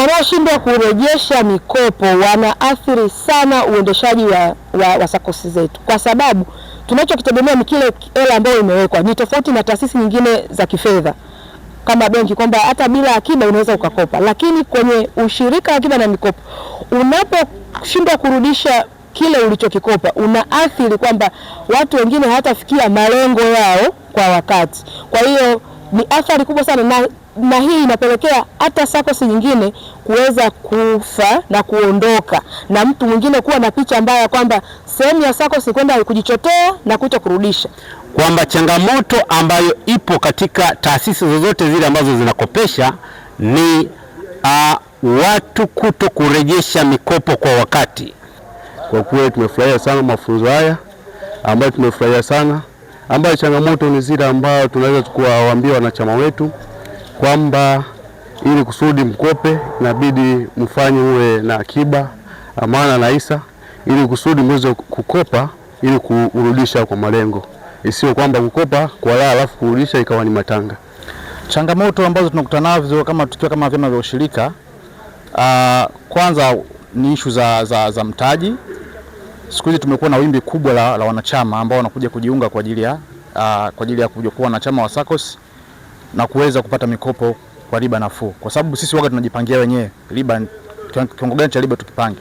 wanaoshindwa kurejesha mikopo wanaathiri sana uendeshaji wa, wa, wa sakosi zetu, kwa sababu tunachokitegemea ni kile hela ambayo imewekwa. Ni tofauti na taasisi nyingine za kifedha kama benki kwamba hata bila akiba unaweza ukakopa, lakini kwenye ushirika wa akiba na mikopo unaposhindwa kurudisha kile ulichokikopa unaathiri kwamba watu wengine hawatafikia malengo yao kwa wakati. Kwa hiyo ni athari kubwa sana na na hii inapelekea hata sakosi nyingine kuweza kufa na kuondoka na mtu mwingine kuwa na picha mbaya kwamba sehemu ya sakosi kwenda kujichotea na kuto kurudisha, kwamba changamoto ambayo ipo katika taasisi zozote zile ambazo zinakopesha ni uh, watu kuto kurejesha mikopo kwa wakati. Kwa kweli tumefurahia sana mafunzo haya ambayo tumefurahia sana ambayo changamoto ni zile ambayo tunaweza kuwaambia wanachama wetu kwamba ili kusudi mkope inabidi mfanye uwe na akiba, amana na hisa, ili kusudi mweze kukopa ili kurudisha kwa malengo, isiyo kwamba kukopa kwa la alafu kurudisha ikawa ni matanga. Changamoto ambazo tunakutana nazo kama tukiwa kama vyama vya ushirika uh, kwanza ni ishu za, za, za mtaji. Siku hizi tumekuwa na wimbi kubwa la, la wanachama ambao wanakuja kujiunga kwa ajili ya uh, kwa ajili ya kuja kuwa wanachama wa SACCOS na kuweza kupata mikopo kwa riba nafuu, kwa sababu sisi waga tunajipangia wenyewe riba, kiwango gani cha riba tukipange.